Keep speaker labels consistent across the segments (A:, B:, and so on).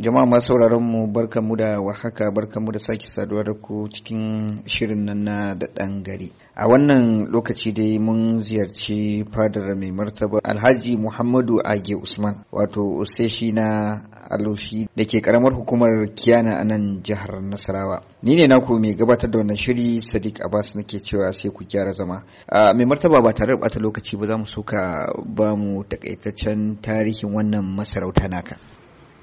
A: jama'a masu sauraron mu mu da warhaka mu da sake saduwa da ku cikin shirin nan na da ɗan gari a wannan lokaci dai mun ziyarci fadar mai martaba alhaji muhammadu age usman wato useshi na alushi da ke karamar hukumar kiyana a nan jihar nasarawa ni ne naku mai gabatar da wannan shiri sadiq abbas nake cewa sai ku gyara zama mai martaba ba tare da lokaci ba za mu suka
B: ba mu takaitaccen tarihin wannan masarauta naka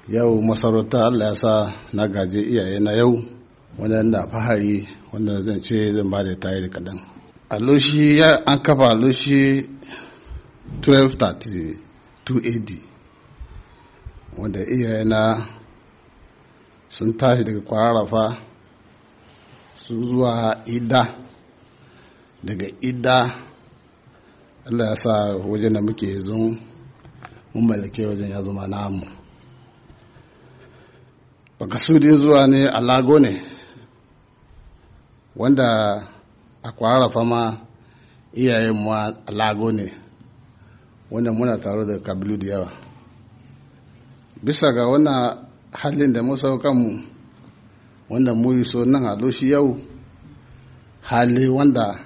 B: yau masarauta allah ya sa na gaje iyaye na yau wanda na fahari wanda zan ce zan ba da tayi da kaɗan aloshi ya an kafa aloshi 1230 2 wanda iyaye na sun tashi daga kwararrafa su zuwa ida daga ida allah ya sa wajen da muke zun mun mallake wajen ya zama namu makasudi zuwa ne a lago ne wanda a kwarafa ma iyayen mu a lago ne wanda muna taro da kabilu da yawa bisa ga wannan halin da musa kanmu wanda mu so nan a shi yau hali wanda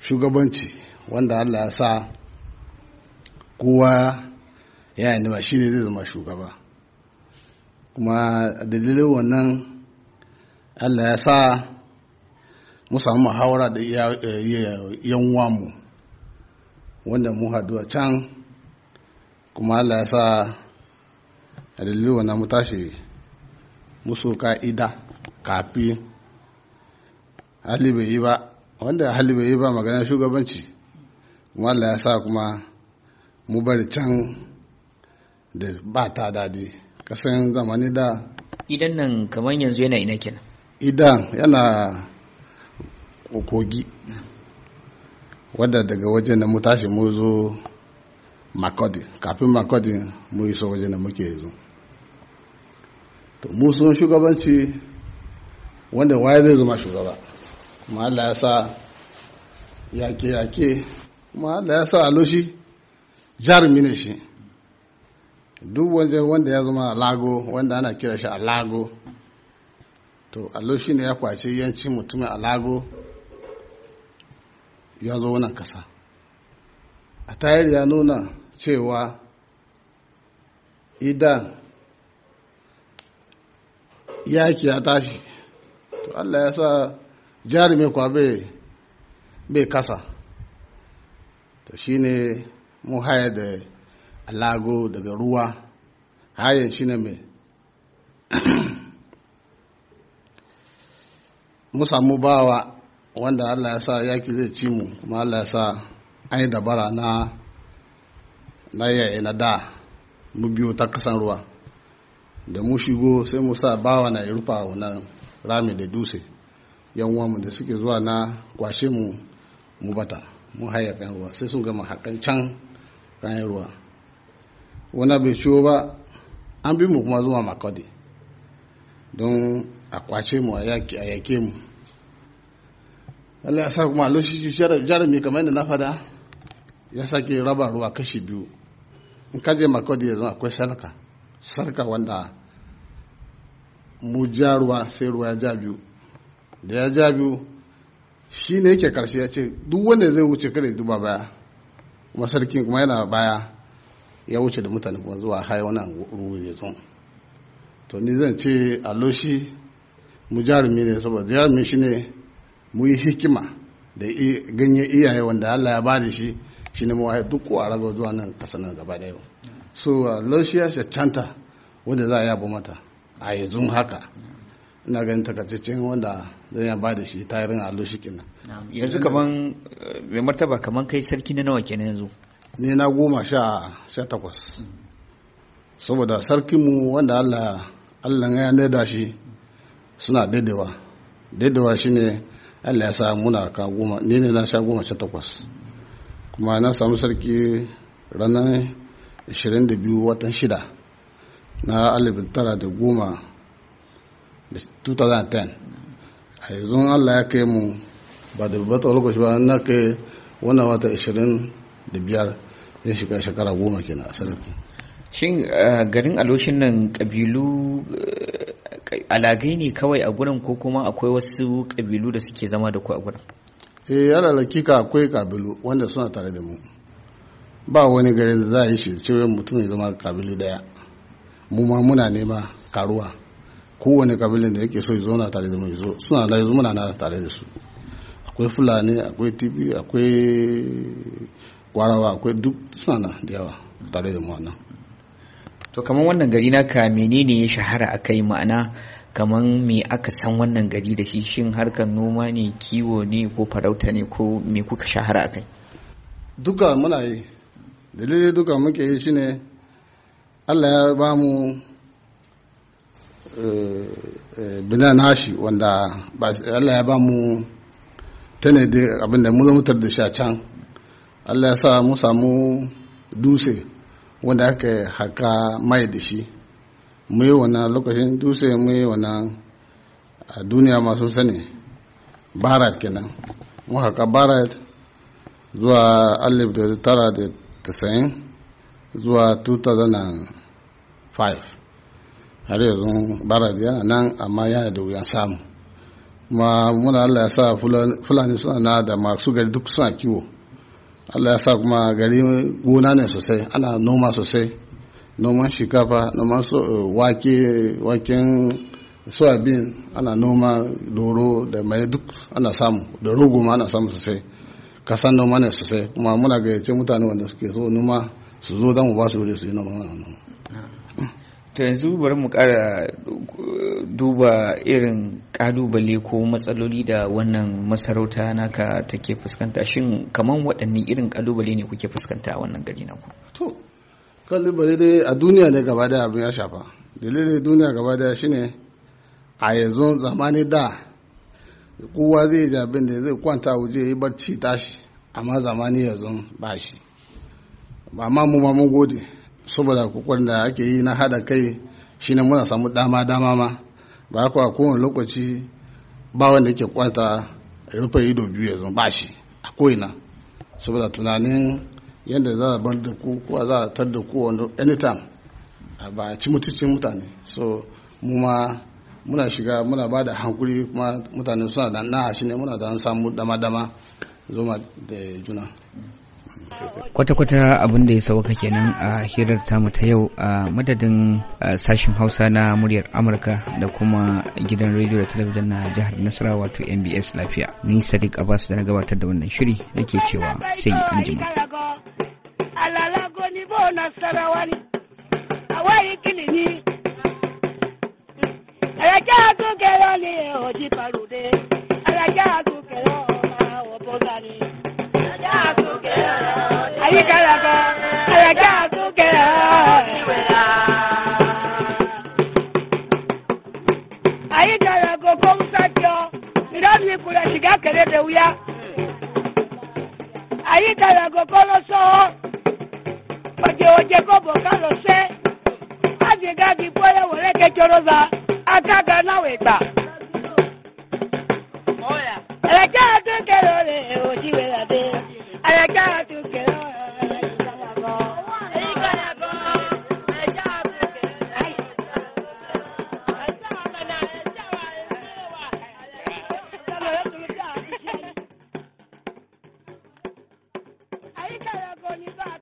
B: shugabanci wanda allah ya sa kowa ya yi shi ne zai zama shugaba kuma dalilin wannan allah ya sa mu samu muhawara da yan mu wanda mu haɗu a can kuma allah ya sa a dalilin wannan mu tashi musu ka'ida kafi hali yi ba wanda hali yi ba magana shugabanci kuma allah ya sa kuma mu bari can da ba ta daɗi kasan zamani da idan nan kamar yanzu yana ina kenan idan yana kogi wadda daga wajen na mu tashi mu zo makodi kafin makodi mu iso waje na muke yanzu to mu so shugabanci wanda waye zai zama shugaba kuma Allah ya sa yake yake kuma Allah ya sa aloshi jarumi ne shi duk wanda wanda ya zama lago wanda ana kira shi alago to allo shi ne ya kwace yanci mutumin alago ya zo wannan kasa a tayar ya nuna cewa idan yaki ya tashi to allah ya sa jarumi kwa bai kasa to shine mu haya da lago daga ruwa hayan shi ne mai mu samu bawa wanda allah ya sa yaki zai ci mu kuma allah ya sa an yi dabara na na yaya na da mu biyo ta kasan ruwa da mu shigo sai mu sa bawa na rufa wannan rami da dutse yan da suke zuwa na kwashe mu mu bata mu hayakan ruwa sai sun gama hakan can kayan ruwa wani bai ciwo ba an bi mu kuma zuwa makodi don a kwace mu a yake mu Allah ya sa kuma lokaci jarumi kamar yadda na fada ya sake raba ruwa kashi biyu in kaje makodi yanzu akwai sarka sarka wanda mu ja ruwa sai ruwa ya ja biyu da ya ja biyu shi ne yake karshe ya ce duk wanda zai wuce kada ya duba baya kuma sarkin kuma yana baya ya wuce da mutane kuma zuwa haya wannan ruwa ya zo to ni zan ce aloshi mu jarumi ne saboda jarumi shi ne mu yi hikima da ganye iyaye wanda Allah ya ba da shi shi ne mawaye duk kowa raba zuwa nan kasa nan gaba da yau so aloshi ya canta wanda za a yabo mata a yanzu haka ina ganin takaitaccen wanda zan ya ba da shi tayarin aloshi kenan
A: yanzu kaman
B: eh, mai martaba kaman kai sarki na nawa kenan yanzu ne na goma sha takwas saboda sarkinmu wanda allah allah ya naida shi suna daidawa daidawa ne allah ya sa muna ka goma ne ne na sha goma sha takwas kuma na samu sarki ranar 22 watan shida na alibin tara da goma da 2010 a yanzu allah ya kai mu ba da bata lokaci ba na kai wannan wata da biyar zai shiga shekara goma kenan a sarrafa shin eh, garin aloshin nan kabilu
A: eh, alagai ne kawai a gurin ko kuma akwai wasu kabilu da suke
B: zama da ku a gurin eh yana lakika akwai kabilu wanda suna tare da mu ba wani garin da za a yi shi cewa mutum ya zama kabilu daya mu ma muna nema karuwa kowane kabilin da yake so ya zauna tare da mu zo suna da yanzu muna na tare da su akwai fulani akwai tibi akwai warawa akwai duk suna da yawa tare da mu to kamar wannan gari naka menene ya
A: shahara a kai? ma'ana kamar me aka san wannan gari da shi shin harkar noma ne kiwo ne ko farauta ne ko me kuka shahara a kai?
B: duka muna yi dalilin duka muke yi shine allah ya ba mu eh, eh, binan hashi wanda allah ya ba mu tanadi abinda mu zama da shi a can allah ya sa mu samu dutse wanda aka haka mai da shi mu yi wannan lokacin dutse mu yi wannan a duniya masu sani barat kenan mu haka barat zuwa alif da tara da tasayin zuwa 2005 har yanzu barat yana nan amma yana da wuyan samu ma muna allah ya sa fulani suna na da masu gari duk suna kiwo Allah ya sa kuma gari gona ne sosai ana noma sosai noman shinkafa noman eh, wake waken soyabin ana noma doro da mai duk ana samu da rogo ma ana samu sosai kasan noma ne sosai kuma muna gayyace mutane wanda suke so noma su zo don mu ba su wuri su yi noma
A: ta yanzu bari mu kara eh, duba irin kalubale ko matsaloli da wannan masarauta naka take fuskanta shin kamar waɗanne irin kalubale ne kuke fuskanta a wannan gari naku to
B: kalubale dai a duniya ne gaba da abin ya shafa dalilin duniya gaba da shine a yanzu zamani da kowa zai ji abin da zai kwanta waje ya yi barci tashi amma zamani yanzu ba shi amma mu ma mun gode saboda kukwar da ake yi na hada kai shi ne muna samu dama dama ma ba kuwa kowane lokaci ba wanda yake kwata rufe ido biyu yanzu ba shi a ko'ina saboda tunanin yadda za a bar da ku kuwa za a tar da ku anytime a ba ci mutuncin mutane so mu ma muna shiga muna ba da hankuri kuma mutane suna da na shi ne muna da samu dama-dama zoma da juna
A: kwata-kwata abin da ya sauka kenan a hirar tamu ta yau a madadin sashen hausa na muryar amurka da kuma gidan rediyo da talabijin na jihar nasarawa wato mbs lafiya ni sadiq abbas da na gabatar da wannan shiri ke cewa sai an jima Alaja agogero ni oji parude, alaja agogero. àyíkàlà kọ̀kọ́ lọ sọ ọ́ ọjẹ́ ọjẹ́ kọ̀bọ̀ ká lọ sẹ́ ágìgágì bóyá wọlé kẹjọrọba akága náà ìgbà. ẹ̀rẹ̀kẹ́ àtúnkẹ́ lọ rẹ̀ òjì wẹ̀ làbẹ́ ẹ̀rẹ̀kẹ́ àtúnkẹ́ lọ.